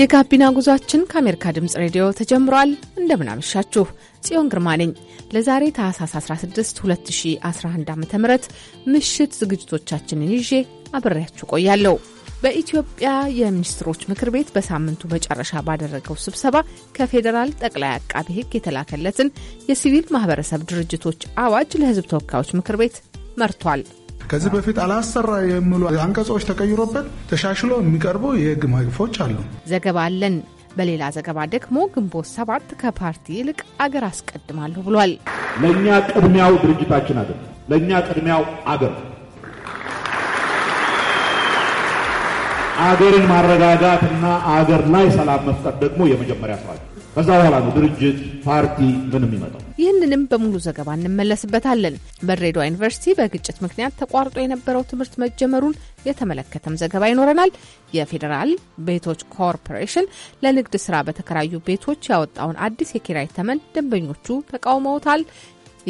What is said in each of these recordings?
የጋቢና ጉዟችን ከአሜሪካ ድምፅ ሬዲዮ ተጀምሯል። እንደምናመሻችሁ ጽዮን ግርማ ነኝ። ለዛሬ ታህሳስ 16 2011 ዓ ም ምሽት ዝግጅቶቻችንን ይዤ አብሬያችሁ ቆያለሁ። በኢትዮጵያ የሚኒስትሮች ምክር ቤት በሳምንቱ መጨረሻ ባደረገው ስብሰባ ከፌዴራል ጠቅላይ አቃቤ ሕግ የተላከለትን የሲቪል ማህበረሰብ ድርጅቶች አዋጅ ለሕዝብ ተወካዮች ምክር ቤት መርቷል። ከዚህ በፊት አላሰራ የሚሉ አንቀጾች ተቀይሮበት ተሻሽሎ የሚቀርቡ የህግ ማግፎች አሉ። ዘገባ አለን። በሌላ ዘገባ ደግሞ ግንቦት ሰባት ከፓርቲ ይልቅ አገር አስቀድማለሁ ብሏል። ለእኛ ቅድሚያው ድርጅታችን አገር፣ ለእኛ ቅድሚያው አገር አገርን ማረጋጋትና አገር ላይ ሰላም መፍጠር ደግሞ የመጀመሪያ ስራ ከዛ በኋላ ነው ድርጅት ፓርቲ ምን የሚመጣው። ይህንንም በሙሉ ዘገባ እንመለስበታለን። በድሬዳዋ ዩኒቨርሲቲ በግጭት ምክንያት ተቋርጦ የነበረው ትምህርት መጀመሩን የተመለከተም ዘገባ ይኖረናል። የፌዴራል ቤቶች ኮርፖሬሽን ለንግድ ስራ በተከራዩ ቤቶች ያወጣውን አዲስ የኪራይ ተመን ደንበኞቹ ተቃውመውታል።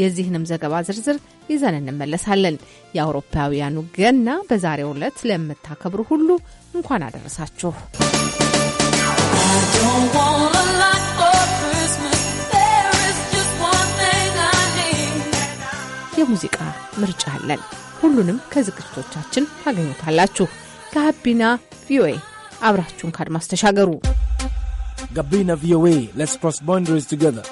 የዚህንም ዘገባ ዝርዝር ይዘን እንመለሳለን። የአውሮፓውያኑ ገና በዛሬው ዕለት ለምታከብሩ ሁሉ እንኳን አደረሳችሁ። የሙዚቃ ምርጫ አለን። ሁሉንም ከዝግጅቶቻችን ታገኙታላችሁ። ጋቢና ቪኦኤ አብራችሁን ካድማስ ተሻገሩ። ጋቢና ቪኦኤ ሌትስ ክሮስ ቦንደሪስ ቱጌዘር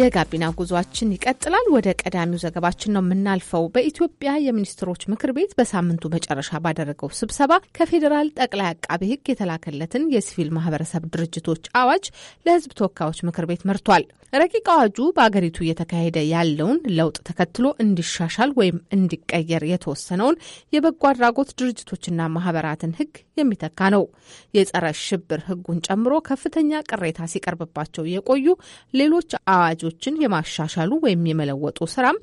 የጋቢና ጉዟችን ይቀጥላል። ወደ ቀዳሚው ዘገባችን ነው የምናልፈው። በኢትዮጵያ የሚኒስትሮች ምክር ቤት በሳምንቱ መጨረሻ ባደረገው ስብሰባ ከፌዴራል ጠቅላይ አቃቤ ሕግ የተላከለትን የሲቪል ማህበረሰብ ድርጅቶች አዋጅ ለሕዝብ ተወካዮች ምክር ቤት መርቷል። ረቂቅ አዋጁ በአገሪቱ እየተካሄደ ያለውን ለውጥ ተከትሎ እንዲሻሻል ወይም እንዲቀየር የተወሰነውን የበጎ አድራጎት ድርጅቶችና ማህበራትን ህግ የሚተካ ነው። የጸረ ሽብር ህጉን ጨምሮ ከፍተኛ ቅሬታ ሲቀርብባቸው የቆዩ ሌሎች አዋጅ አዋጆችን የማሻሻሉ ወይም የመለወጡ ስራም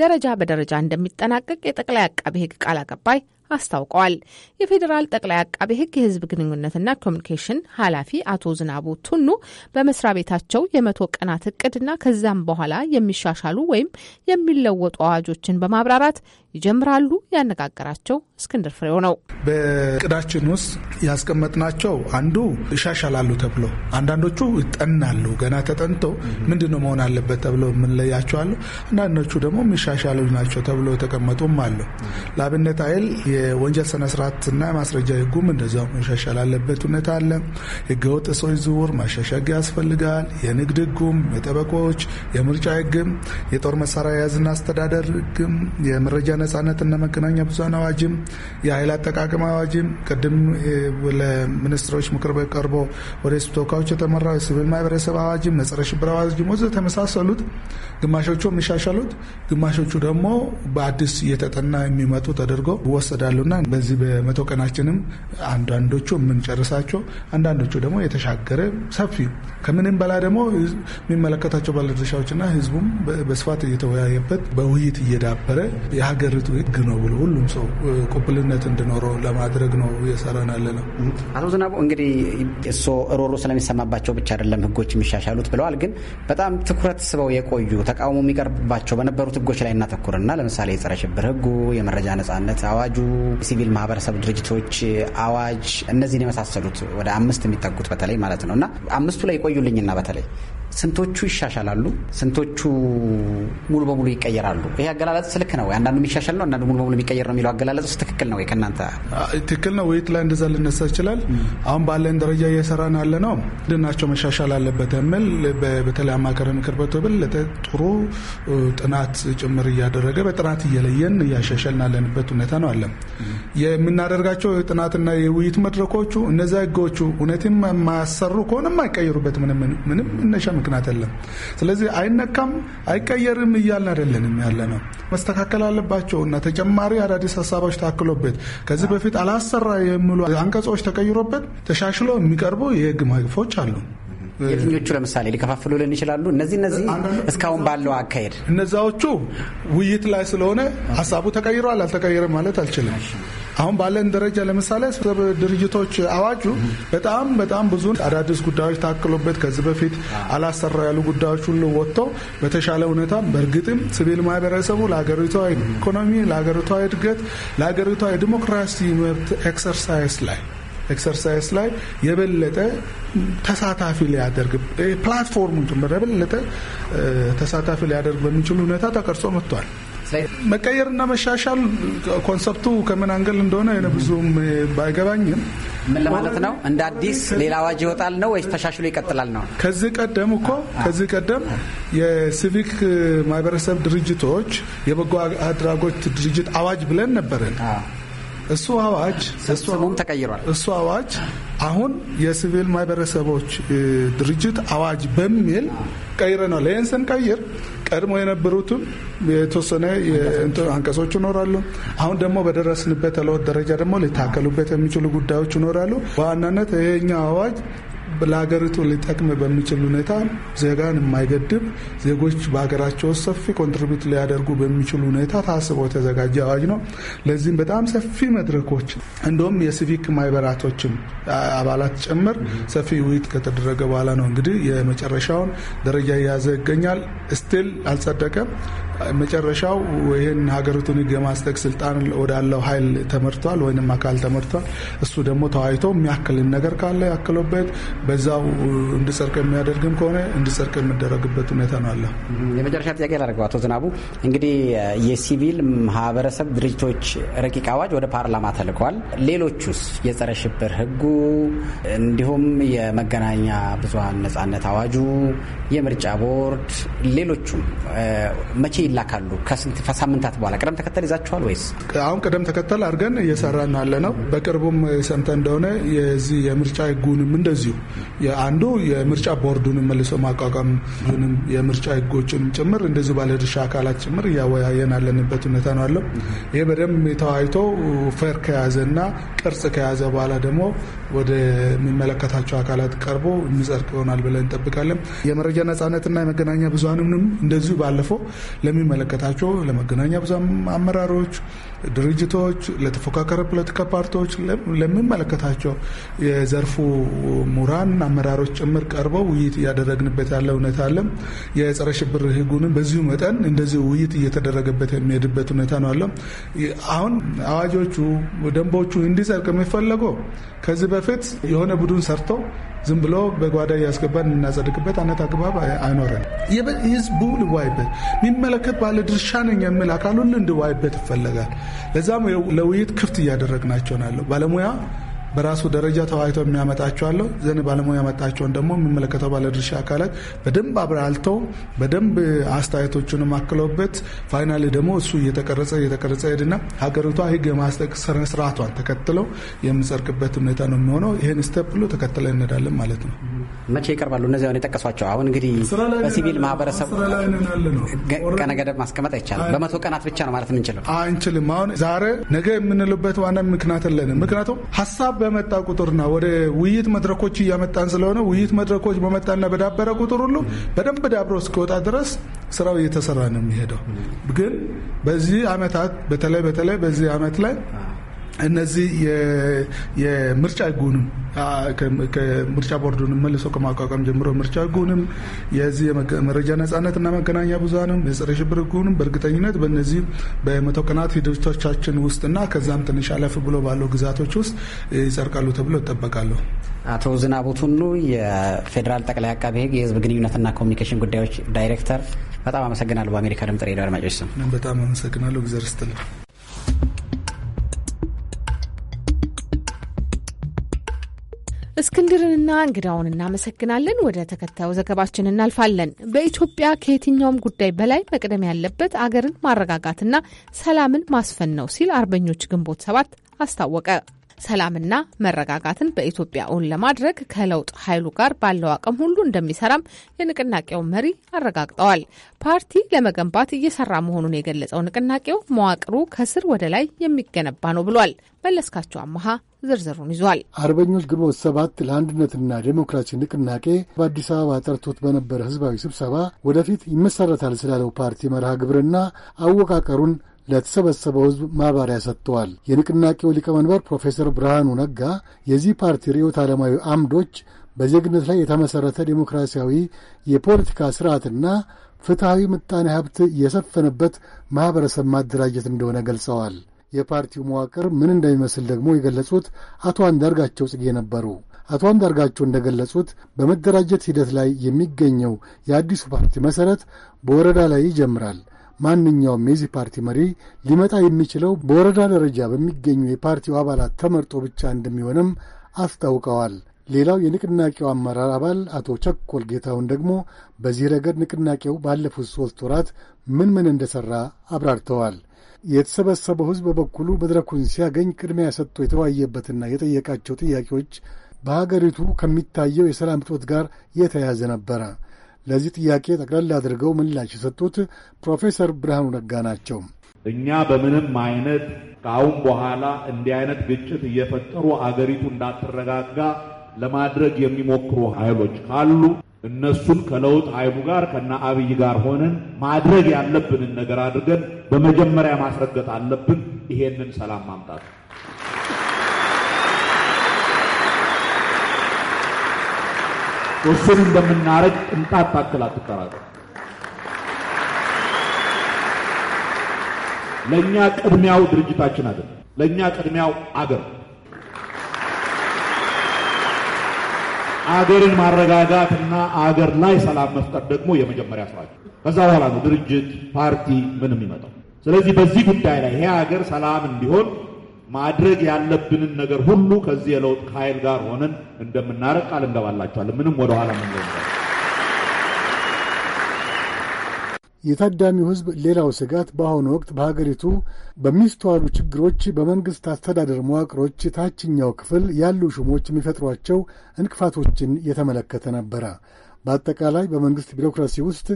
ደረጃ በደረጃ እንደሚጠናቀቅ የጠቅላይ አቃቤ ሕግ ቃል አቀባይ አስታውቀዋል። የፌዴራል ጠቅላይ አቃቤ ሕግ የህዝብ ግንኙነትና ኮሚኒኬሽን ኃላፊ አቶ ዝናቡ ቱኑ በመስሪያ ቤታቸው የመቶ ቀናት እቅድና ከዛም በኋላ የሚሻሻሉ ወይም የሚለወጡ አዋጆችን በማብራራት ይጀምራሉ። ያነጋገራቸው እስክንድር ፍሬው ነው። በእቅዳችን ውስጥ ያስቀመጥናቸው አንዱ ይሻሻላሉ ተብሎ አንዳንዶቹ ይጠናሉ። ገና ተጠንቶ ምንድነው መሆን አለበት ተብሎ የምንለያቸዋሉ። አንዳንዶቹ ደግሞ የሚሻሻሉ ናቸው ተብሎ የተቀመጡም አሉ። ለአብነት አይል የወንጀል ስነስርዓትና የማስረጃ ህጉም እንደዚያው መሻሻል አለበት ሁኔታ አለ። ህገወጥ ሰዎች ዝውውር ማሻሻግ ያስፈልጋል። የንግድ ህጉም፣ የጠበቆች፣ የምርጫ ህግም፣ የጦር መሳሪያ የያዝና አስተዳደር ህግም፣ የመረጃ ነጻነትና መገናኛ ብዙሀን አዋጅም፣ የኃይል አጠቃቀም አዋጅም ቅድም ለሚኒስትሮች ምክር ቤት ቀርቦ ወደ ህዝብ ተወካዮች የተመራው የሲቪል ማህበረሰብ አዋጅም፣ መጸረ ሽብር አዋጅም ወዘተ የተመሳሰሉት ግማሾቹ የሚሻሻሉት ግማሾቹ ደግሞ በአዲስ እየተጠና የሚመጡ ተደርጎ ወሰዳል። ያሉና በዚህ በመቶ ቀናችንም አንዳንዶቹ የምንጨርሳቸው አንዳንዶቹ ደግሞ የተሻገረ ሰፊ ከምንም በላይ ደግሞ የሚመለከታቸው ባለድርሻዎችና ህዝቡም በስፋት እየተወያየበት በውይይት እየዳበረ የሀገሪቱ ህግ ነው ብሎ ሁሉም ሰው ቁብልነት እንዲኖረው ለማድረግ ነው እየሰራን ያለ ነው። አቶ ዝናቡ እንግዲህ እሶ ሮሮ ስለሚሰማባቸው ብቻ አይደለም ህጎች የሚሻሻሉት ብለዋል። ግን በጣም ትኩረት ስበው የቆዩ ተቃውሞ የሚቀርብባቸው በነበሩት ህጎች ላይ እናተኩርና ለምሳሌ የጸረ ሽብር ህጉ፣ የመረጃ ነጻነት አዋጁ ሲቪል ማህበረሰብ ድርጅቶች አዋጅ፣ እነዚህን የመሳሰሉት ወደ አምስት የሚጠጉት በተለይ ማለት ነው እና አምስቱ ላይ ይቆዩልኝና በተለይ ስንቶቹ ይሻሻላሉ፣ ስንቶቹ ሙሉ በሙሉ ይቀየራሉ? ይሄ አገላለጽ ስልክ ነው? አንዳንዱ የሚሻሻል ነው፣ አንዳንዱ ሙሉ በሙሉ የሚቀየር ነው የሚለው አገላለጽ ትክክል ነው? ከእናንተ ትክክል ነው? ወይት ላይ እንደዛ ልነሳ ይችላል። አሁን ባለን ደረጃ እየሰራን ያለ ነው ድናቸው መሻሻል አለበት የሚል በተለይ አማካሪ ምክር ቤቱ የበለጠ ጥሩ ጥናት ጭምር እያደረገ በጥናት እየለየን እያሻሻልን ያለንበት ሁኔታ ነው አለ የምናደርጋቸው ጥናትና የውይይት መድረኮቹ እነዚ ህጎቹ እውነትም የማያሰሩ ከሆነ የማይቀየሩበት ምንም ምንም እነሻ ምክንያት የለም። ስለዚህ አይነካም፣ አይቀየርም እያልን አይደለንም ያለ ነው። መስተካከል አለባቸው እና ተጨማሪ አዳዲስ ሀሳቦች ታክሎበት ከዚህ በፊት አላሰራ የሚሉ አንቀጾች ተቀይሮበት ተሻሽሎ የሚቀርቡ የህግ ማግፎች አሉ። የትኞቹ ለምሳሌ ሊከፋፍሉልን ይችላሉ? እነዚህ እነዚህ እስካሁን ባለው አካሄድ እነዛዎቹ ውይይት ላይ ስለሆነ ሀሳቡ ተቀይረዋል አልተቀየረም ማለት አልችልም። አሁን ባለን ደረጃ ለምሳሌ ስብሰብ ድርጅቶች አዋጁ በጣም በጣም ብዙ አዳዲስ ጉዳዮች ታክሎበት ከዚህ በፊት አላሰራ ያሉ ጉዳዮች ሁሉ ወጥቶ በተሻለ ሁኔታ በእርግጥም ሲቪል ማህበረሰቡ ለሀገሪቷ ኢኮኖሚ፣ ለሀገሪቷ እድገት፣ ለሀገሪቷ የዲሞክራሲ መብት ኤክሰርሳይዝ ላይ ኤክሰርሳይዝ ላይ የበለጠ ተሳታፊ ሊያደርግ ፕላትፎርሙን ጭምር የበለጠ ተሳታፊ ሊያደርግ በሚችሉ ሁኔታ ተቀርጾ መጥቷል። መቀየርና መሻሻል ኮንሰፕቱ ከምን አንገል እንደሆነ ብዙም ባይገባኝም ምን ለማለት ነው? እንደ አዲስ ሌላ አዋጅ ይወጣል ነው ወይስ ተሻሽሎ ይቀጥላል ነው? ከዚህ ቀደም እኮ ከዚህ ቀደም የሲቪክ ማህበረሰብ ድርጅቶች የበጎ አድራጎት ድርጅት አዋጅ ብለን ነበረን። እሱ አዋጅ ስሙም ተቀይሯል። እሱ አዋጅ አሁን የሲቪል ማህበረሰቦች ድርጅት አዋጅ በሚል ቀይረናል። ይህን ስንቀይር ቀድሞ የነበሩትም የተወሰነ አንቀሶች ይኖራሉ። አሁን ደግሞ በደረስንበት ለውጥ ደረጃ ደግሞ ሊታከሉበት የሚችሉ ጉዳዮች ይኖራሉ። በዋናነት ይሄኛው አዋጅ ለሀገሪቱ ሊጠቅም በሚችል ሁኔታ ዜጋን የማይገድብ ዜጎች በሀገራቸው ውስጥ ሰፊ ኮንትሪቢዩት ሊያደርጉ በሚችል ሁኔታ ታስቦ የተዘጋጀ አዋጅ ነው። ለዚህም በጣም ሰፊ መድረኮች እንደውም የሲቪክ ማህበራቶችም አባላት ጭምር ሰፊ ውይይት ከተደረገ በኋላ ነው እንግዲህ የመጨረሻውን ደረጃ የያዘ ይገኛል። ስቲል አልጸደቀም። መጨረሻው ይህን ሀገሪቱን ህግ የማስጠቅ ስልጣን ወዳለው ኃይል ተመርቷል ወይም አካል ተመርቷል። እሱ ደግሞ ተዋይቶ የሚያክልን ነገር ካለ ያክሎበት በዛው እንዲጸድቅ የሚያደርግም ከሆነ እንዲጸድቅ የሚደረግበት ሁኔታ ነው አለ። የመጨረሻ ጥያቄ ላደርገው አቶ ዝናቡ እንግዲህ የሲቪል ማህበረሰብ ድርጅቶች ረቂቅ አዋጅ ወደ ፓርላማ ተልከዋል። ሌሎቹስ የጸረ ሽብር ህጉ እንዲሁም የመገናኛ ብዙሀን ነጻነት አዋጁ፣ የምርጫ ቦርድ ሌሎቹም መቼ ይላካሉ? ከስንት ሳምንታት በኋላ ቅደም ተከተል ይዛችኋል ወይስ? አሁን ቅደም ተከተል አድርገን እየሰራን ያለ ነው። በቅርቡም ሰምተ እንደሆነ የዚህ የምርጫ ህጉንም እንደዚሁ አንዱ የምርጫ ቦርዱንም መልሶ ማቋቋም የምርጫ ህጎችንም ጭምር እንደዚሁ ባለድርሻ አካላት ጭምር እያወያየን ያለንበት ሁኔታ ነው አለው። ይህ በደንብ ተዋይቶ ፈር ከያዘና ቅርጽ ከያዘ በኋላ ደግሞ ወደ የሚመለከታቸው አካላት ቀርቦ የሚጸድቅ ይሆናል ብለን እንጠብቃለን። የመረጃ ነጻነትና የመገናኛ ብዙሀንንም እንደዚሁ ባለፈው ለሚመለከታቸው ለመገናኛ ብዙሃን አመራሮች ድርጅቶች፣ ለተፎካካሪ ፖለቲካ ፓርቲዎች፣ ለሚመለከታቸው የዘርፉ ምሁራን አመራሮች ጭምር ቀርበው ውይይት እያደረግንበት ያለ እውነት አለ። የጸረ ሽብር ህጉንም በዚሁ መጠን እንደዚህ ውይይት እየተደረገበት የሚሄድበት ሁኔታ ነው አለ። አሁን አዋጆቹ ደንቦቹ እንዲጸድቅ የሚፈለገው ከዚህ በፊት የሆነ ቡድን ሰርቶ ዝም ብሎ በጓዳ እያስገባን እናጸድቅበት አይነት አግባብ አይኖረን። ህዝቡ ልዋይበት የሚመለከት ባለድርሻ ነኝ የሚል አካል ሁሉ እንዲዋይበት ይፈለጋል። ለዛም ለውይይት ክፍት እያደረግ ናቸው። ባለሙያ በራሱ ደረጃ ተዋይቶ የሚያመጣቸው ዘን ባለሙያ ያመጣቸውን ደግሞ የሚመለከተው ባለድርሻ አካላት በደንብ አብራልተው በደንብ አስተያየቶቹን አክለውበት ፋይናል ደግሞ እሱ እየተቀረጸ እየተቀረጸ ሄድና ሀገሪቷ ህግ የማስጠቅ ስርዓቷን ተከትለው የምንጸድቅበት ሁኔታ ነው የሚሆነው። ይህን ስተፕ ብሎ ተከትለ እንሄዳለን ማለት ነው። መቼ ይቀርባሉ? እነዚህ አሁን የጠቀሷቸው አሁን እንግዲህ በሲቪል ማህበረሰብ ቀነ ገደብ ማስቀመጥ አይቻልም። በመቶ ቀናት ብቻ ነው ማለት የምንችለው አንችልም። አሁን ዛሬ ነገ የምንልበት ዋና ምክንያት ለንም ምክንያቱም ሀሳብ በመጣ ቁጥርና ወደ ውይይት መድረኮች እያመጣን ስለሆነ ውይይት መድረኮች በመጣና በዳበረ ቁጥር ሁሉ በደንብ ዳብሮ እስኪወጣ ድረስ ስራው እየተሰራ ነው የሚሄደው። ግን በዚህ አመታት በተለይ በተለይ በዚህ አመት ላይ እነዚህ የምርጫ ህጉንም ከምርጫ ቦርዱንም መልሶ ከማቋቋም ጀምሮ ምርጫ ህጉንም የዚህ የመረጃ ነጻነት እና መገናኛ ብዙሃንም የጸረ ሽብር ህጉንም በእርግጠኝነት በነዚህ በመቶ ቀናት ሂደቶቻችን ውስጥና ከዛም ትንሽ አለፍ ብሎ ባለው ግዛቶች ውስጥ ይጸርቃሉ ተብሎ ይጠበቃሉ። አቶ ዝናቡ ቱሉ የፌዴራል ጠቅላይ አቃቤ ህግ የህዝብ ግንኙነትና ኮሚኒኬሽን ጉዳዮች ዳይሬክተር፣ በጣም አመሰግናለሁ። በአሜሪካ ድምጽ ሬዲዮ አድማጮች ስም በጣም አመሰግናለሁ። እግዚአብሔር ይስጥልኝ። እስክንድርንና እንግዳውን እናመሰግናለን። ወደ ተከታዩ ዘገባችን እናልፋለን። በኢትዮጵያ ከየትኛውም ጉዳይ በላይ መቅደም ያለበት አገርን ማረጋጋትና ሰላምን ማስፈን ነው ሲል አርበኞች ግንቦት ሰባት አስታወቀ። ሰላምና መረጋጋትን በኢትዮጵያ እውን ለማድረግ ከለውጥ ኃይሉ ጋር ባለው አቅም ሁሉ እንደሚሰራም የንቅናቄው መሪ አረጋግጠዋል። ፓርቲ ለመገንባት እየሰራ መሆኑን የገለጸው ንቅናቄው መዋቅሩ ከስር ወደ ላይ የሚገነባ ነው ብሏል። መለስካቸው አመሃ ዝርዝሩን ይዟል። አርበኞች ግንቦት ሰባት ለአንድነትና ዴሞክራሲ ንቅናቄ በአዲስ አበባ ጠርቶት በነበረ ህዝባዊ ስብሰባ ወደፊት ይመሰረታል ስላለው ፓርቲ መርሃ ግብርና አወቃቀሩን ለተሰበሰበው ሕዝብ ማብራሪያ ሰጥተዋል። የንቅናቄው ሊቀመንበር ፕሮፌሰር ብርሃኑ ነጋ የዚህ ፓርቲ ርዕዮተ ዓለማዊ አምዶች በዜግነት ላይ የተመሠረተ ዴሞክራሲያዊ የፖለቲካ ሥርዓትና ፍትሐዊ ምጣኔ ሀብት የሰፈነበት ማኅበረሰብ ማደራጀት እንደሆነ ገልጸዋል። የፓርቲው መዋቅር ምን እንደሚመስል ደግሞ የገለጹት አቶ አንዳርጋቸው ጽጌ ነበሩ። አቶ አንዳርጋቸው እንደገለጹት በመደራጀት ሂደት ላይ የሚገኘው የአዲሱ ፓርቲ መሠረት በወረዳ ላይ ይጀምራል። ማንኛውም የዚህ ፓርቲ መሪ ሊመጣ የሚችለው በወረዳ ደረጃ በሚገኙ የፓርቲው አባላት ተመርጦ ብቻ እንደሚሆንም አስታውቀዋል። ሌላው የንቅናቄው አመራር አባል አቶ ቸኮል ጌታሁን ደግሞ በዚህ ረገድ ንቅናቄው ባለፉት ሦስት ወራት ምን ምን እንደሠራ አብራርተዋል። የተሰበሰበው ሕዝብ በበኩሉ መድረኩን ሲያገኝ ቅድሚያ ሰጥቶ የተወያየበትና የጠየቃቸው ጥያቄዎች በሀገሪቱ ከሚታየው የሰላም እጦት ጋር የተያያዘ ነበረ። ለዚህ ጥያቄ ጠቅለል አድርገው ምላሽ የሰጡት ፕሮፌሰር ብርሃኑ ነጋ ናቸው። እኛ በምንም አይነት ከአሁን በኋላ እንዲህ አይነት ግጭት እየፈጠሩ አገሪቱ እንዳትረጋጋ ለማድረግ የሚሞክሩ ኃይሎች ካሉ እነሱን ከለውጥ ኃይሉ ጋር ከነ አብይ ጋር ሆነን ማድረግ ያለብንን ነገር አድርገን በመጀመሪያ ማስረገጥ አለብን። ይሄንን ሰላም ማምጣት ውስን እንደምናረግ ቅንጣት ታክል አትጠራጠር። ለእኛ ቅድሚያው ድርጅታችን አይደለም። ለእኛ ቅድሚያው አገር፣ አገርን ማረጋጋትና አገር ላይ ሰላም መፍጠር ደግሞ የመጀመሪያ ስራችን። ከዛ በኋላ ነው ድርጅት ፓርቲ ምን የሚመጣው። ስለዚህ በዚህ ጉዳይ ላይ ይሄ ሀገር ሰላም እንዲሆን ማድረግ ያለብንን ነገር ሁሉ ከዚህ የለውጥ ኃይል ጋር ሆነን እንደምናረቅ ቃል እንገባላችኋለን። ምንም ወደኋላ ምን የታዳሚው ህዝብ ሌላው ስጋት በአሁኑ ወቅት በሀገሪቱ በሚስተዋሉ ችግሮች በመንግሥት አስተዳደር መዋቅሮች ታችኛው ክፍል ያሉ ሹሞች የሚፈጥሯቸው እንቅፋቶችን የተመለከተ ነበረ። በአጠቃላይ በመንግሥት ቢሮክራሲ ውስጥ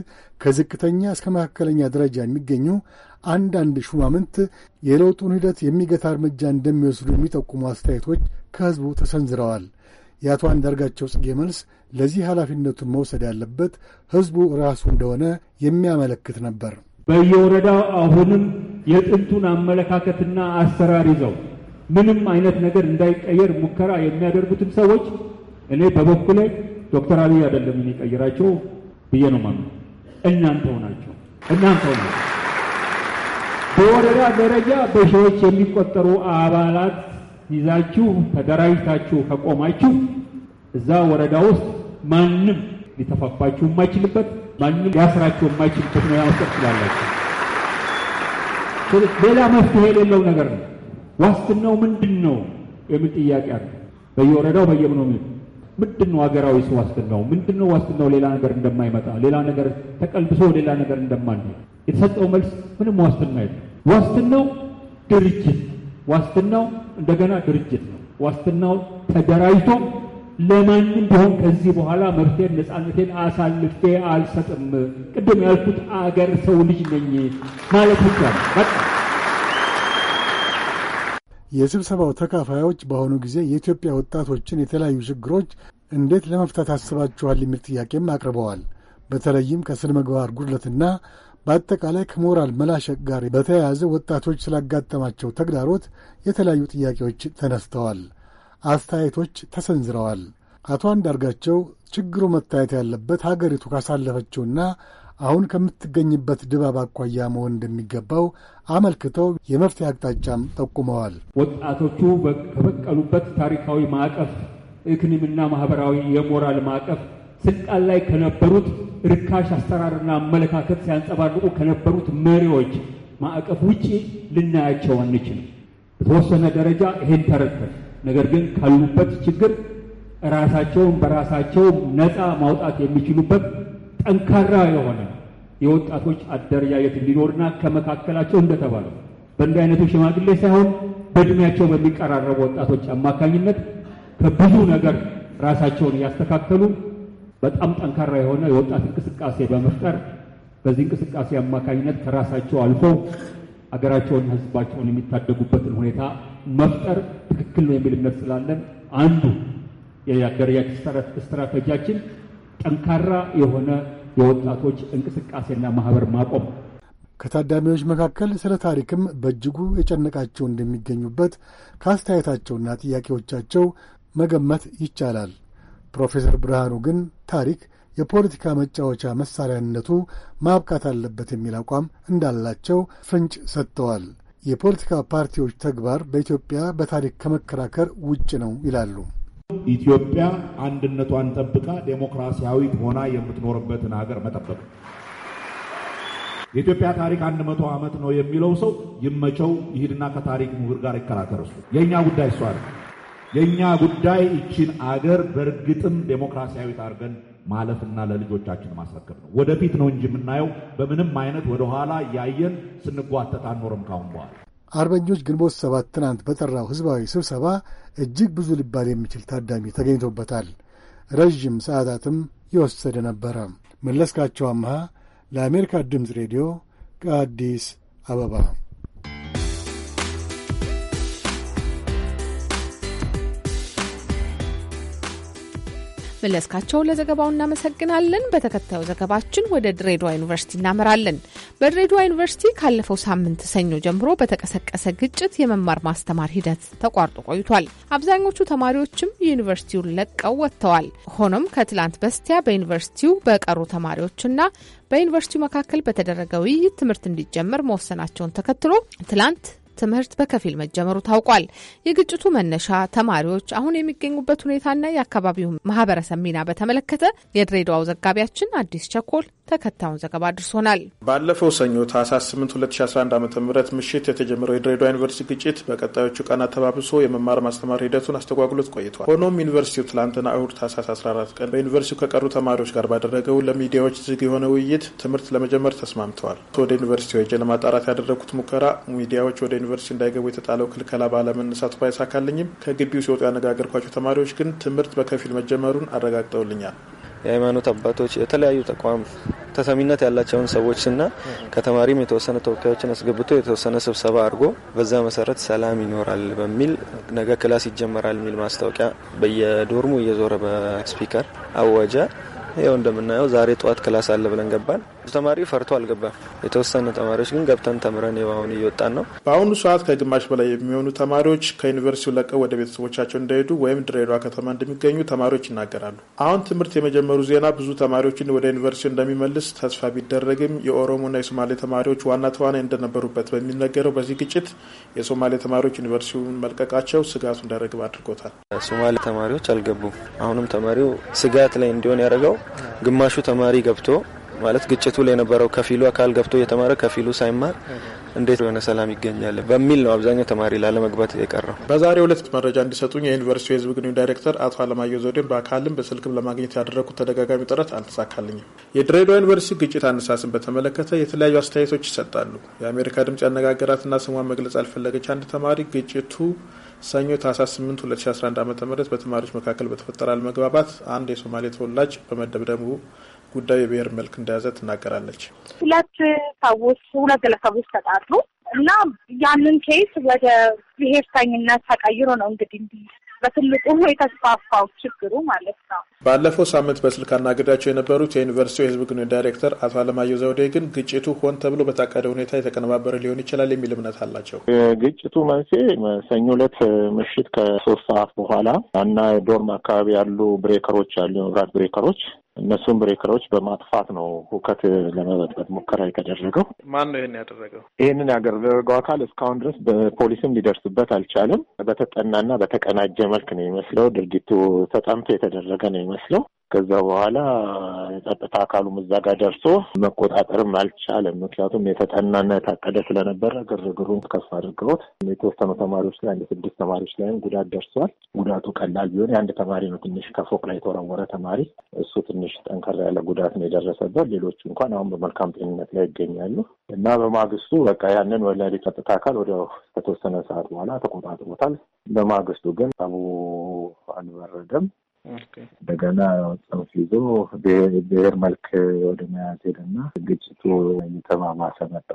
ከዝቅተኛ እስከ መካከለኛ ደረጃ የሚገኙ አንዳንድ ሹማምንት የለውጡን ሂደት የሚገታ እርምጃ እንደሚወስዱ የሚጠቁሙ አስተያየቶች ከሕዝቡ ተሰንዝረዋል። የአቶ አንዳርጋቸው ጽጌ መልስ ለዚህ ኃላፊነቱን መውሰድ ያለበት ሕዝቡ ራሱ እንደሆነ የሚያመለክት ነበር። በየወረዳው አሁንም የጥንቱን አመለካከትና አሰራር ይዘው ምንም አይነት ነገር እንዳይቀየር ሙከራ የሚያደርጉትን ሰዎች እኔ በበኩሌ ዶክተር አብይ አይደለም የሚቀይራቸው ብዬ ነው ማምነው። እናንተው ናቸው፣ እናንተው ናቸው። በወረዳ ደረጃ በሺዎች የሚቆጠሩ አባላት ይዛችሁ ተደራጅታችሁ ከቆማችሁ እዛ ወረዳ ውስጥ ማንም ሊተፋፋችሁ የማይችልበት ማንም ሊያስራችሁ የማይችልበት ነው ያመስጠት ትችላላችሁ። ሌላ መፍትሄ የሌለው ነገር ነው። ዋስትናው ምንድን ነው የሚል ጥያቄ አለ። በየወረዳው በየምኖ ምንድን ነው ሀገራዊ ዋስትናው? ምንድን ነው ዋስትናው? ሌላ ነገር እንደማይመጣ ሌላ ነገር ተቀልብሶ ሌላ ነገር እንደማንል የተሰጠው መልስ ምንም ዋስትና የለም። ዋስትናው ድርጅት ዋስትናው እንደገና ድርጅት ነው። ዋስትናው ተደራጅቶ ለማንም ቢሆን ከዚህ በኋላ መብቴን ነፃነቴን አሳልፌ አልሰጥም፣ ቅድም ያልኩት አገር ሰው ልጅ ነኝ ማለት ብቻ ነው። የስብሰባው ተካፋዮች በአሁኑ ጊዜ የኢትዮጵያ ወጣቶችን የተለያዩ ችግሮች እንዴት ለመፍታት አስባችኋል የሚል ጥያቄም አቅርበዋል። በተለይም ከስነ ምግባር ጉድለትና በአጠቃላይ ከሞራል መላሸቅ ጋር በተያያዘ ወጣቶች ስላጋጠማቸው ተግዳሮት የተለያዩ ጥያቄዎች ተነስተዋል፣ አስተያየቶች ተሰንዝረዋል። አቶ አንዳርጋቸው ችግሩ መታየት ያለበት ሀገሪቱ ካሳለፈችውና አሁን ከምትገኝበት ድባብ አኳያ መሆን እንደሚገባው አመልክተው የመፍትሄ አቅጣጫም ጠቁመዋል። ወጣቶቹ ከበቀሉበት ታሪካዊ ማዕቀፍ፣ እክንምና ማህበራዊ የሞራል ማዕቀፍ ስልጣን ላይ ከነበሩት ርካሽ አሰራርና አመለካከት ሲያንጸባርቁ ከነበሩት መሪዎች ማዕቀፍ ውጪ ልናያቸው አንችልም። በተወሰነ ደረጃ ይሄን ተረድተን ነገር ግን ካሉበት ችግር ራሳቸውን በራሳቸው ነፃ ማውጣት የሚችሉበት ጠንካራ የሆነ የወጣቶች አደረጃጀት እንዲኖርና ከመካከላቸው እንደተባለው በእንዲህ አይነቱ ሽማግሌ ሳይሆን በእድሜያቸው በሚቀራረቡ ወጣቶች አማካኝነት ከብዙ ነገር ራሳቸውን እያስተካከሉ በጣም ጠንካራ የሆነ የወጣት እንቅስቃሴ በመፍጠር በዚህ እንቅስቃሴ አማካኝነት ከራሳቸው አልፎ አገራቸውን፣ ሕዝባቸውን የሚታደጉበትን ሁኔታ መፍጠር ትክክል ነው የሚል እምነት ስላለን አንዱ የአደረጃጀት ስትራቴጂያችን ጠንካራ የሆነ የወጣቶች እንቅስቃሴና ማህበር ማቆም። ከታዳሚዎች መካከል ስለ ታሪክም በእጅጉ የጨነቃቸው እንደሚገኙበት ከአስተያየታቸውና ጥያቄዎቻቸው መገመት ይቻላል። ፕሮፌሰር ብርሃኑ ግን ታሪክ የፖለቲካ መጫወቻ መሳሪያነቱ ማብቃት አለበት የሚል አቋም እንዳላቸው ፍንጭ ሰጥተዋል። የፖለቲካ ፓርቲዎች ተግባር በኢትዮጵያ በታሪክ ከመከራከር ውጭ ነው ይላሉ። ኢትዮጵያ አንድነቷን ጠብቃ ዴሞክራሲያዊት ሆና የምትኖርበትን ሀገር መጠበቅ። የኢትዮጵያ ታሪክ አንድ መቶ ዓመት ነው የሚለው ሰው ይመቸው፣ ይሂድና ከታሪክ ምሁር ጋር ይከራከር። እሱ የእኛ ጉዳይ እሷ የእኛ ጉዳይ ይችን አገር በእርግጥም ዴሞክራሲያዊት አድርገን ማለፍና ለልጆቻችን ማስረከብ ነው። ወደፊት ነው እንጂ የምናየው በምንም አይነት ወደኋላ እያየን ስንጓተት አንኖርም ካሁን በኋላ። አርበኞች ግንቦት ሰባት ትናንት በጠራው ህዝባዊ ስብሰባ እጅግ ብዙ ሊባል የሚችል ታዳሚ ተገኝቶበታል። ረዥም ሰዓታትም የወሰደ ነበረ። መለስካቸው አምሃ ለአሜሪካ ድምፅ ሬዲዮ ከአዲስ አበባ መለስካቸው ለዘገባው እናመሰግናለን። በተከታዩ ዘገባችን ወደ ድሬዳዋ ዩኒቨርሲቲ እናመራለን። በድሬዳዋ ዩኒቨርሲቲ ካለፈው ሳምንት ሰኞ ጀምሮ በተቀሰቀሰ ግጭት የመማር ማስተማር ሂደት ተቋርጦ ቆይቷል። አብዛኞቹ ተማሪዎችም ዩኒቨርሲቲውን ለቀው ወጥተዋል። ሆኖም ከትላንት በስቲያ በዩኒቨርሲቲው በቀሩ ተማሪዎችና በዩኒቨርሲቲው መካከል በተደረገ ውይይት ትምህርት እንዲጀመር መወሰናቸውን ተከትሎ ትላንት ትምህርት በከፊል መጀመሩ ታውቋል። የግጭቱ መነሻ፣ ተማሪዎች አሁን የሚገኙበት ሁኔታና የአካባቢው ማህበረሰብ ሚና በተመለከተ የድሬዳዋው ዘጋቢያችን አዲስ ቸኮል ተከታዩን ዘገባ አድርሶናል። ባለፈው ሰኞ ታህሳስ 8 2011 ዓ ም ምሽት የተጀመረው የድሬዳዋ ዩኒቨርሲቲ ግጭት በቀጣዮቹ ቀናት ተባብሶ የመማር ማስተማር ሂደቱን አስተጓጉሎት ቆይቷል። ሆኖም ዩኒቨርሲቲው ትላንትና እሁድ ታህሳስ 14 ቀን በዩኒቨርሲቲው ከቀሩ ተማሪዎች ጋር ባደረገው ለሚዲያዎች ዝግ የሆነ ውይይት ትምህርት ለመጀመር ተስማምተዋል። ወደ ዩኒቨርሲቲ ወጀ ለማጣራት ያደረጉት ሙከራ ሚዲያዎች ወደ ዩኒቨርሲቲ እንዳይገቡ የተጣለው ክልከላ ባለመነሳቱ ባይስ አካልኝም ከግቢው ሲወጡ ያነጋገርኳቸው ተማሪዎች ግን ትምህርት በከፊል መጀመሩን አረጋግጠውልኛል። የሃይማኖት አባቶች፣ የተለያዩ ተቋም ተሰሚነት ያላቸውን ሰዎችና ከተማሪም የተወሰነ ተወካዮችን አስገብቶ የተወሰነ ስብሰባ አድርጎ በዛ መሰረት ሰላም ይኖራል በሚል ነገ ክላስ ይጀመራል የሚል ማስታወቂያ በየዶርሙ እየዞረ በስፒከር አወጀ። ው እንደምናየው ዛሬ ጠዋት ክላስ አለ ብለን ገባን። ተማሪ ፈርቶ አልገባም። የተወሰነ ተማሪዎች ግን ገብተን ተምረን አሁን እየወጣን ነው። በአሁኑ ሰዓት ከግማሽ በላይ የሚሆኑ ተማሪዎች ከዩኒቨርሲቲው ለቀው ወደ ቤተሰቦቻቸው እንደሄዱ ወይም ድሬዳዋ ከተማ እንደሚገኙ ተማሪዎች ይናገራሉ። አሁን ትምህርት የመጀመሩ ዜና ብዙ ተማሪዎችን ወደ ዩኒቨርሲቲው እንደሚመልስ ተስፋ ቢደረግም የኦሮሞና የሶማሌ ተማሪዎች ዋና ተዋናይ እንደነበሩበት በሚነገረው በዚህ ግጭት የሶማሌ ተማሪዎች ዩኒቨርሲቲውን መልቀቃቸው ስጋቱ እንዳይረግብ አድርጎታል። ሶማሌ ተማሪዎች አልገቡም። አሁንም ተማሪው ስጋት ላይ እንዲሆን ያደረገው ግማሹ ተማሪ ገብቶ ማለት ግጭቱ ላይ የነበረው ከፊሉ አካል ገብቶ እየተማረ ከፊሉ ሳይማር እንዴት የሆነ ሰላም ይገኛል በሚል ነው አብዛኛው ተማሪ ላለመግባት የቀረው። በዛሬው ዕለት መረጃ እንዲሰጡኝ የዩኒቨርሲቲ የህዝብ ግንኙ ዳይሬክተር አቶ አለማየሁ ዘውዴን በአካልም በስልክም ለማግኘት ያደረግኩት ተደጋጋሚ ጥረት አልተሳካልኝም። የድሬዳዋ ዩኒቨርሲቲ ግጭት አነሳስን በተመለከተ የተለያዩ አስተያየቶች ይሰጣሉ። የአሜሪካ ድምጽ ያነጋገራትና ስሟን መግለጽ አልፈለገች አንድ ተማሪ ግጭቱ ሰኞ ታህሳስ 8 2011 ዓ ም በተማሪዎች መካከል በተፈጠረ አለመግባባት አንድ የሶማሌ ተወላጅ በመደብደቡ ጉዳዩ የብሔር መልክ እንደያዘ ትናገራለች። ሁለት ሰዎች ሁለት ግለሰቦች ተጣሉ እና ያንን ኬስ ወደ ብሔርተኝነት ተቀይሮ ነው እንግዲህ እንዲህ በትልቁ የተስፋፋው ችግሩ ማለት ነው። ባለፈው ሳምንት በስልክ አናግዳቸው የነበሩት የዩኒቨርሲቲው የህዝብ ግንኙነት ዳይሬክተር አቶ አለማየሁ ዘውዴ ግን ግጭቱ ሆን ተብሎ በታቀደ ሁኔታ የተቀነባበረ ሊሆን ይችላል የሚል እምነት አላቸው። የግጭቱ መንስኤ ሰኞ ዕለት ምሽት ከሶስት ሰዓት በኋላ እና ዶርም አካባቢ ያሉ ብሬከሮች አሉ፣ የመብራት ብሬከሮች እነሱን ብሬከሮች በማጥፋት ነው ሁከት ለመበጥበት ሙከራ የተደረገው። ማን ነው ይህን ያደረገው? ይህንን ያደረገው አካል እስካሁን ድረስ በፖሊስም ሊደርስበት አልቻለም። በተጠናና በተቀናጀ መልክ ነው የሚመስለው ድርጊቱ ተጠምቶ የተደረገ ነው የሚመስለው። ከዛ በኋላ ጸጥታ አካሉም እዛ ጋር ደርሶ መቆጣጠርም አልቻለም። ምክንያቱም የተጠናና የታቀደ ስለነበረ ግርግሩን ከፍ አድርገውት የተወሰኑ ተማሪዎች ላይ አንድ ስድስት ተማሪዎች ላይም ጉዳት ደርሷል። ጉዳቱ ቀላል ቢሆን የአንድ ተማሪ ነው ትንሽ ከፎቅ ላይ የተወረወረ ተማሪ እሱ ትንሽ ጠንከር ያለ ጉዳት ነው የደረሰበት። ሌሎቹ እንኳን አሁን በመልካም ጤንነት ላይ ይገኛሉ እና በማግስቱ በቃ ያንን ወላድ ጸጥታ አካል ወደ ከተወሰነ ሰዓት በኋላ ተቆጣጥሮታል። በማግስቱ ግን ጠቡ አልበረደም። እንደገና ጽንፍ ይዞ ብሔር መልክ ወደ መያዝ ሄደና ግጭቱ እየተማማሰ መጣ።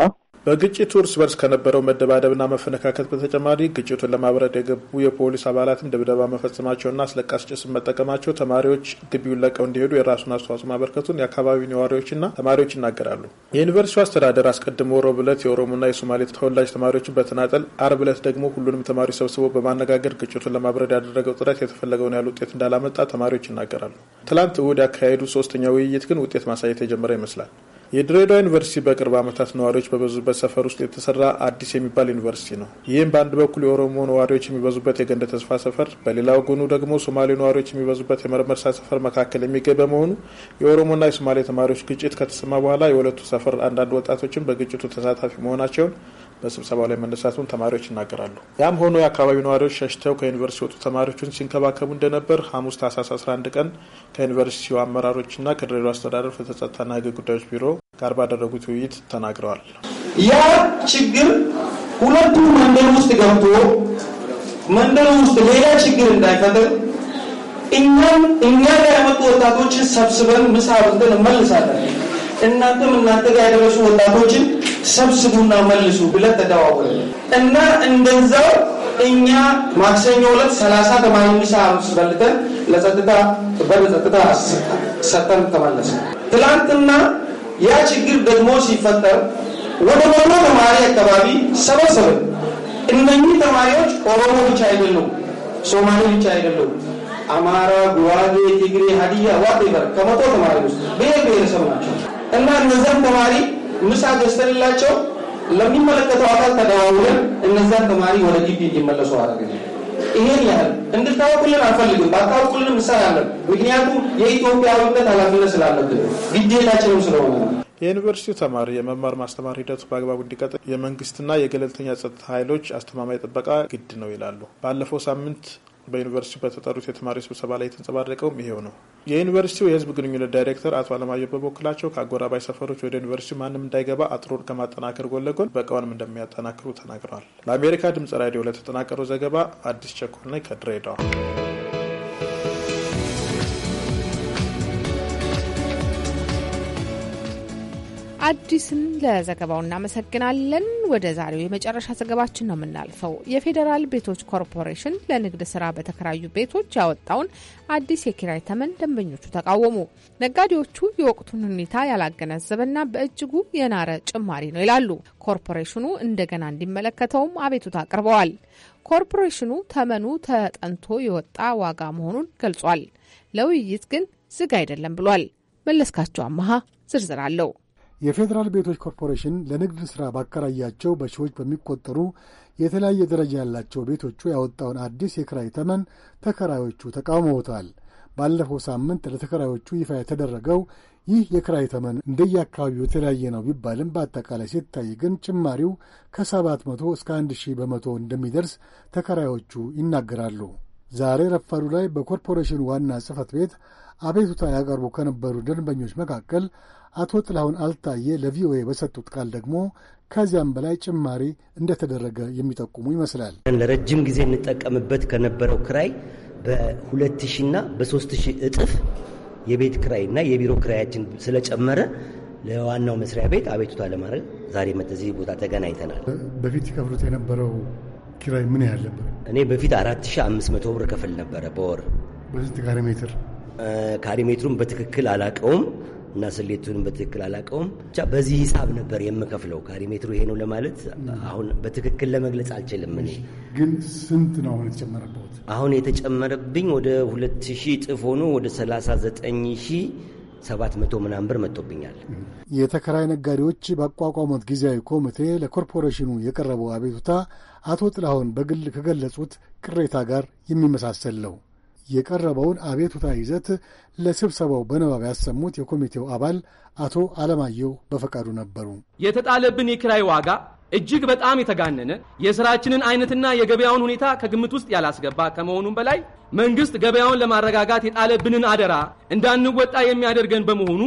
በግጭቱ እርስ በርስ ከነበረው መደባደብና መፈነካከት በተጨማሪ ግጭቱን ለማብረድ የገቡ የፖሊስ አባላትም ድብደባ መፈጸማቸውና አስለቃሽ ጭስ መጠቀማቸው ተማሪዎች ግቢውን ለቀው እንዲሄዱ የራሱን አስተዋጽኦ ማበርከቱን የአካባቢ ነዋሪዎችና ተማሪዎች ይናገራሉ። የዩኒቨርሲቲው አስተዳደር አስቀድሞ ሮብ ዕለት የኦሮሞና የሶማሌ ተወላጅ ተማሪዎችን በተናጠል፣ አርብ ዕለት ደግሞ ሁሉንም ተማሪ ሰብስቦ በማነጋገር ግጭቱን ለማብረድ ያደረገው ጥረት የተፈለገውን ያህል ውጤት እንዳላመጣ ተማሪዎች ይናገራሉ። ትላንት እሁድ ያካሄዱ ሶስተኛ ውይይት ግን ውጤት ማሳየት የጀመረ ይመስላል። የድሬዳዋ ዩኒቨርሲቲ በቅርብ ዓመታት ነዋሪዎች በበዙበት ሰፈር ውስጥ የተሰራ አዲስ የሚባል ዩኒቨርሲቲ ነው። ይህም በአንድ በኩል የኦሮሞ ነዋሪዎች የሚበዙበት የገንደ ተስፋ ሰፈር፣ በሌላው ጎኑ ደግሞ ሶማሌ ነዋሪዎች የሚበዙበት የመርመርሳ ሰፈር መካከል የሚገኝ በመሆኑ የኦሮሞና የሶማሌ ተማሪዎች ግጭት ከተሰማ በኋላ የሁለቱ ሰፈር አንዳንድ ወጣቶችን በግጭቱ ተሳታፊ መሆናቸውን በስብሰባው ላይ መነሳቱን ተማሪዎች ይናገራሉ። ያም ሆኖ የአካባቢው ነዋሪዎች ሸሽተው ከዩኒቨርሲቲ ወጡ ተማሪዎቹን ሲንከባከቡ እንደነበር ሐሙስ ታህሳስ 11 ቀን ከዩኒቨርሲቲው አመራሮችና ከድሬዳዋ አስተዳደር ፍትህ ህግ ጉዳዮች ቢሮ ጋር ባደረጉት ውይይት ተናግረዋል። ያ ችግር ሁለቱ መንደር ውስጥ ገብቶ መንደር ውስጥ ሌላ ችግር እንዳይፈጥር እኛም እኛ ጋር ያመጡ ወጣቶችን ሰብስበን ምሳ ብንትን እመልሳለን። እናንተም እናንተ ጋር ያደረሱ ወጣቶችን ሰብስቡና መልሱ ብለ ተደዋወለ እና እንደዛው እኛ ማክሰኞ ዕለት ሰላሳ ተማሪ ምሳ አምስት በልተን ለጸጥታ በር ጸጥታ ሰጠን ተመለሰ። ትላንትና ያ ችግር ደግሞ ሲፈጠር ወደ ወሎ ተማሪ አካባቢ ሰበሰበ። እነኚህ ተማሪዎች ኦሮሞ ብቻ አይደሉም፣ ሶማሌ ብቻ አይደሉም። አማራ፣ ጉራጌ፣ ትግሬ፣ ሀዲያ ዋቴቨር ከመቶ ተማሪ ውስጥ ብሔር ብሔረሰብ ናቸው እና እነዚያም ተማሪ ምሳ ገዝተንላቸው ለሚመለከተው አካል ተደዋውለን እነዛን ተማሪ ወደ ግቢ እንዲመለሱ አደረገ። ይሄን ያህል እንድታወቁልን አልፈልግም። ባታወቁልን ምሳሌ አለን። ምክንያቱም የኢትዮጵያዊነት ኃላፊነት ስላለብን ግዴታችንም ስለሆነ ነው። የዩኒቨርሲቲው ተማሪ የመማር ማስተማር ሂደቱ በአግባቡ እንዲቀጥል የመንግስትና የገለልተኛ ጸጥታ ኃይሎች አስተማማኝ ጥበቃ ግድ ነው ይላሉ። ባለፈው ሳምንት በዩኒቨርሲቲው በተጠሩት የተማሪ ስብሰባ ላይ የተንጸባረቀውም ይሄው ነው። የዩኒቨርሲቲው የህዝብ ግንኙነት ዳይሬክተር አቶ አለማየሁ በበኩላቸው ከአጎራባይ ሰፈሮች ወደ ዩኒቨርሲቲው ማንም እንዳይገባ አጥሩን ከማጠናከር ጎን ለጎን በቀውንም እንደሚያጠናክሩ ተናግረዋል። ለአሜሪካ ድምጽ ራዲዮ ለተጠናቀረው ዘገባ አዲስ ቸኮል ነኝ ከድሬዳዋ። አዲስን ለዘገባው እናመሰግናለን። ወደ ዛሬው የመጨረሻ ዘገባችን ነው የምናልፈው። የፌዴራል ቤቶች ኮርፖሬሽን ለንግድ ስራ በተከራዩ ቤቶች ያወጣውን አዲስ የኪራይ ተመን ደንበኞቹ ተቃወሙ። ነጋዴዎቹ የወቅቱን ሁኔታ ያላገነዘበና በእጅጉ የናረ ጭማሪ ነው ይላሉ። ኮርፖሬሽኑ እንደገና እንዲመለከተውም አቤቱታ አቅርበዋል። ኮርፖሬሽኑ ተመኑ ተጠንቶ የወጣ ዋጋ መሆኑን ገልጿል። ለውይይት ግን ዝግ አይደለም ብሏል። መለስካቸው አመሃ ዝርዝር አለው። የፌዴራል ቤቶች ኮርፖሬሽን ለንግድ ሥራ ባከራያቸው በሺዎች በሚቆጠሩ የተለያየ ደረጃ ያላቸው ቤቶቹ ያወጣውን አዲስ የክራይ ተመን ተከራዮቹ ተቃውመውታል። ባለፈው ሳምንት ለተከራዮቹ ይፋ የተደረገው ይህ የክራይ ተመን እንደየአካባቢው የተለያየ ነው ቢባልም በአጠቃላይ ሲታይ ግን ጭማሪው ከሰባት መቶ እስከ አንድ ሺህ በመቶ እንደሚደርስ ተከራዮቹ ይናገራሉ። ዛሬ ረፋዱ ላይ በኮርፖሬሽኑ ዋና ጽሕፈት ቤት አቤቱታ ያቀርቡ ከነበሩ ደንበኞች መካከል አቶ ጥላሁን አልታየ ለቪኦኤ በሰጡት ቃል ደግሞ ከዚያም በላይ ጭማሪ እንደተደረገ የሚጠቁሙ ይመስላል። ለረጅም ጊዜ እንጠቀምበት ከነበረው ክራይ በሁለት ሺህ እና በሦስት ሺህ እጥፍ የቤት ክራይ እና የቢሮ ክራያችን ስለጨመረ ለዋናው መስሪያ ቤት አቤቱታ ለማድረግ ዛሬ መተዚህ ቦታ ተገናኝተናል። በፊት ከፍሉት የነበረው ኪራይ ምን ያህል ነበር? እኔ በፊት 4500 ብር ከፍል ነበረ በወር በስንት ካሬ ሜትር? ካሬ ሜትሩን በትክክል አላቀውም እና ስሌቱንም በትክክል አላውቀውም። ብቻ በዚህ ሂሳብ ነበር የምከፍለው። ካሬ ሜትሩ ይሄ ነው ለማለት አሁን በትክክል ለመግለጽ አልችልም። እኔ ግን ስንት ነው አሁን የተጨመረበት? አሁን የተጨመረብኝ ወደ 2000 ጥፍ ሆኖ ወደ 39000 ሰባት መቶ ምናምን ብር መጥቶብኛል። የተከራይ ነጋዴዎች ባቋቋሙት ጊዜያዊ ኮሚቴ ለኮርፖሬሽኑ የቀረበው አቤቱታ አቶ ጥላሁን በግል ከገለጹት ቅሬታ ጋር የሚመሳሰል ነው። የቀረበውን አቤቱታ ይዘት ለስብሰባው በንባብ ያሰሙት የኮሚቴው አባል አቶ አለማየሁ በፈቃዱ ነበሩ። የተጣለብን የኪራይ ዋጋ እጅግ በጣም የተጋነነ የስራችንን አይነትና የገበያውን ሁኔታ ከግምት ውስጥ ያላስገባ ከመሆኑም በላይ መንግስት ገበያውን ለማረጋጋት የጣለብንን አደራ እንዳንወጣ የሚያደርገን በመሆኑ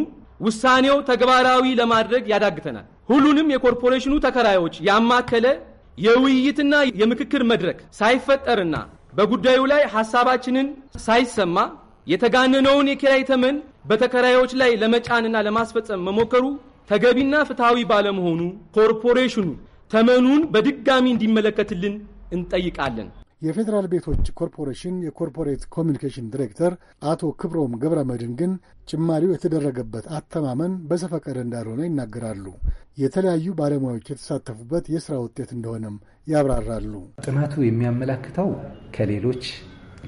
ውሳኔው ተግባራዊ ለማድረግ ያዳግተናል። ሁሉንም የኮርፖሬሽኑ ተከራዮች ያማከለ የውይይትና የምክክር መድረክ ሳይፈጠርና በጉዳዩ ላይ ሐሳባችንን ሳይሰማ የተጋነነውን የኪራይ ተመን በተከራዮች ላይ ለመጫንና ለማስፈጸም መሞከሩ ተገቢና ፍትሐዊ ባለመሆኑ ኮርፖሬሽኑ ተመኑን በድጋሚ እንዲመለከትልን እንጠይቃለን። የፌዴራል ቤቶች ኮርፖሬሽን የኮርፖሬት ኮሚኒኬሽን ዲሬክተር አቶ ክብሮም ገብረ መድን ግን ጭማሪው የተደረገበት አተማመን በሰፈቀደ እንዳልሆነ ይናገራሉ። የተለያዩ ባለሙያዎች የተሳተፉበት የስራ ውጤት እንደሆነም ያብራራሉ። ጥናቱ የሚያመላክተው ከሌሎች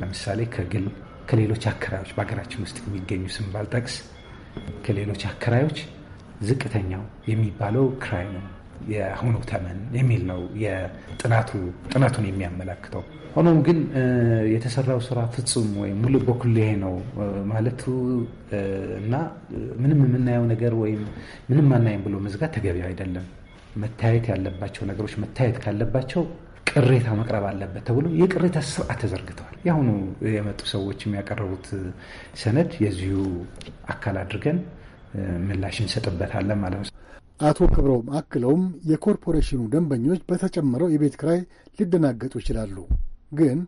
ለምሳሌ ከግል ከሌሎች አከራዮች በሀገራችን ውስጥ የሚገኙ ስም ባልጠቅስ ከሌሎች አከራዮች ዝቅተኛው የሚባለው ክራይ ነው የአሁኑ ተመን የሚል ነው የጥናቱ ጥናቱን የሚያመላክተው። ሆኖም ግን የተሰራው ስራ ፍጹም ወይም ሙሉ በኩል ይሄ ነው ማለቱ እና ምንም የምናየው ነገር ወይም ምንም አናይም ብሎ መዝጋት ተገቢ አይደለም። መታየት ያለባቸው ነገሮች መታየት ካለባቸው ቅሬታ መቅረብ አለበት ተብሎ የቅሬታ ስርዓት ተዘርግተዋል። የአሁኑ የመጡ ሰዎች የሚያቀረቡት ሰነድ የዚሁ አካል አድርገን ምላሽ እንሰጥበታለን ማለት ነው። አቶ ክብረውም አክለውም የኮርፖሬሽኑ ደንበኞች በተጨመረው የቤት ክራይ ሊደናገጡ ይችላሉ። ግን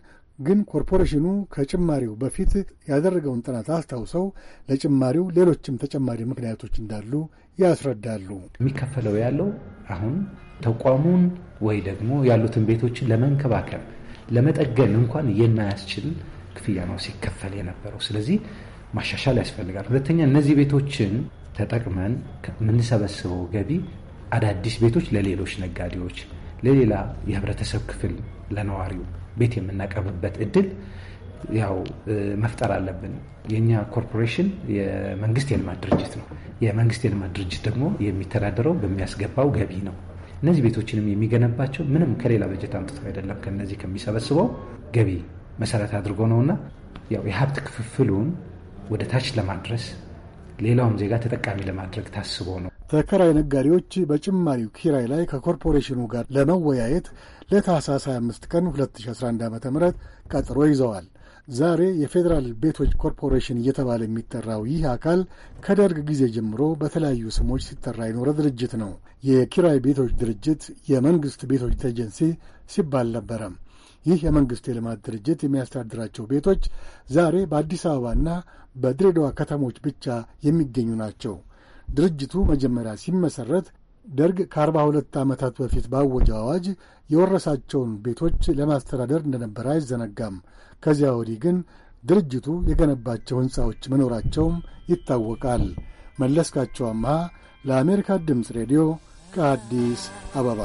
ግን ኮርፖሬሽኑ ከጭማሪው በፊት ያደረገውን ጥናት አስታውሰው ለጭማሪው ሌሎችም ተጨማሪ ምክንያቶች እንዳሉ ያስረዳሉ። የሚከፈለው ያለው አሁን ተቋሙን ወይ ደግሞ ያሉትን ቤቶችን ለመንከባከብ ለመጠገን እንኳን የማያስችል ክፍያ ነው ሲከፈል የነበረው። ስለዚህ ማሻሻል ያስፈልጋል። ሁለተኛ እነዚህ ቤቶችን ተጠቅመን ከምንሰበስበው ገቢ አዳዲስ ቤቶች ለሌሎች ነጋዴዎች፣ ለሌላ የህብረተሰብ ክፍል ለነዋሪው ቤት የምናቀርብበት እድል ያው መፍጠር አለብን። የእኛ ኮርፖሬሽን የመንግስት የልማት ድርጅት ነው። የመንግስት የልማት ድርጅት ደግሞ የሚተዳደረው በሚያስገባው ገቢ ነው። እነዚህ ቤቶችንም የሚገነባቸው ምንም ከሌላ በጀት አምጥቶ አይደለም፣ ከነዚህ ከሚሰበስበው ገቢ መሰረት አድርጎ ነውና ያው የሀብት ክፍፍሉን ወደ ታች ለማድረስ ሌላውም ዜጋ ተጠቃሚ ለማድረግ ታስቦ ነው። ተከራይ ነጋዴዎች በጭማሪው ኪራይ ላይ ከኮርፖሬሽኑ ጋር ለመወያየት ለታህሳስ 25 ቀን 2011 ዓ ም ቀጠሮ ይዘዋል። ዛሬ የፌዴራል ቤቶች ኮርፖሬሽን እየተባለ የሚጠራው ይህ አካል ከደርግ ጊዜ ጀምሮ በተለያዩ ስሞች ሲጠራ የኖረ ድርጅት ነው። የኪራይ ቤቶች ድርጅት፣ የመንግሥት ቤቶች ኤጀንሲ ሲባል ነበረም። ይህ የመንግሥት የልማት ድርጅት የሚያስተዳድራቸው ቤቶች ዛሬ በአዲስ አበባና በድሬዳዋ ከተሞች ብቻ የሚገኙ ናቸው። ድርጅቱ መጀመሪያ ሲመሠረት ደርግ ከአርባ ሁለት ዓመታት በፊት ባወጀ አዋጅ የወረሳቸውን ቤቶች ለማስተዳደር እንደነበረ አይዘነጋም። ከዚያ ወዲህ ግን ድርጅቱ የገነባቸው ሕንፃዎች መኖራቸውም ይታወቃል። መለስካቸው አምሃ ለአሜሪካ ድምፅ ሬዲዮ ከአዲስ አበባ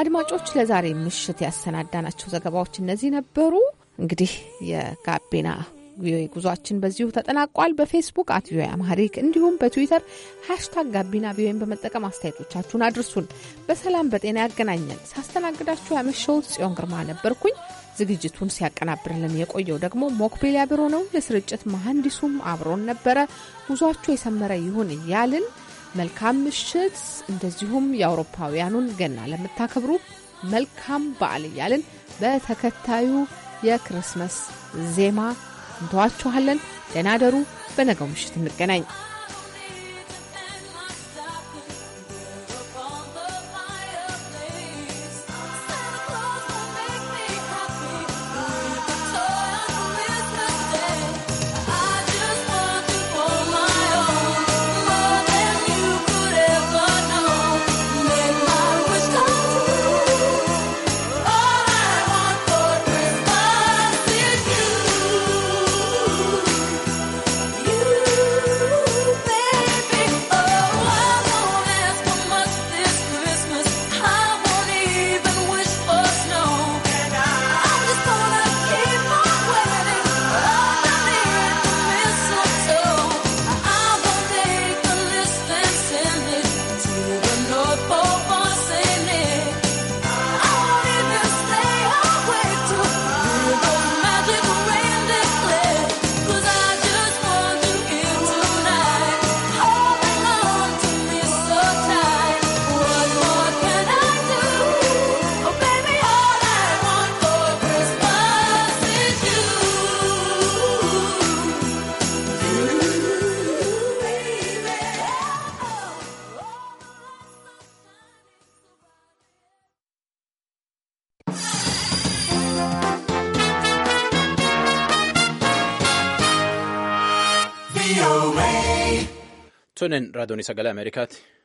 አድማጮች ለዛሬ ምሽት ያሰናዳናቸው ዘገባዎች እነዚህ ነበሩ። እንግዲህ የጋቢና ቪኦኤ ጉዟችን በዚሁ ተጠናቋል። በፌስቡክ አት ቪኦኤ አማሪክ እንዲሁም በትዊተር ሃሽታግ ጋቢና ቪኦኤን በመጠቀም አስተያየቶቻችሁን አድርሱን። በሰላም በጤና ያገናኘን። ሳስተናግዳችሁ ያመሸው ጽዮን ግርማ ነበርኩኝ። ዝግጅቱን ሲያቀናብርልን የቆየው ደግሞ ሞክቤል ያብሮ ነው። የስርጭት መሐንዲሱም አብሮን ነበረ። ጉዟችሁ የሰመረ ይሁን እያልን መልካም ምሽት፣ እንደዚሁም የአውሮፓውያኑን ገና ለምታከብሩ መልካም በዓል እያልን በተከታዩ የክርስመስ ዜማ እንተዋችኋለን። ደናደሩ በነገው ምሽት እንገናኝ። Tosonen raadiyoon sagalee Ameerikaati.